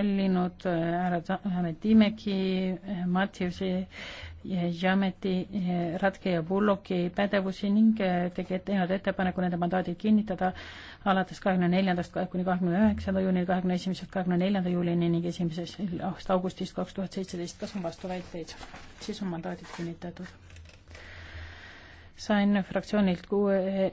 sallinud äh, härra Timeki, äh, Mattiusi, äh, Jameti, Ratke ja Bulloki pädevusi ning tegi teinud ettepaneku nende mandaadid kinnitada alates kahekümne neljandast kuni kahekümne üheksanda juunini, kahekümne esimesest kahekümne neljanda juulini ning esimesest augustist kaks tuhat seitseteist. kas on vastuväiteid? siis on mandaadid kinnitatud. sain fraktsioonilt kuue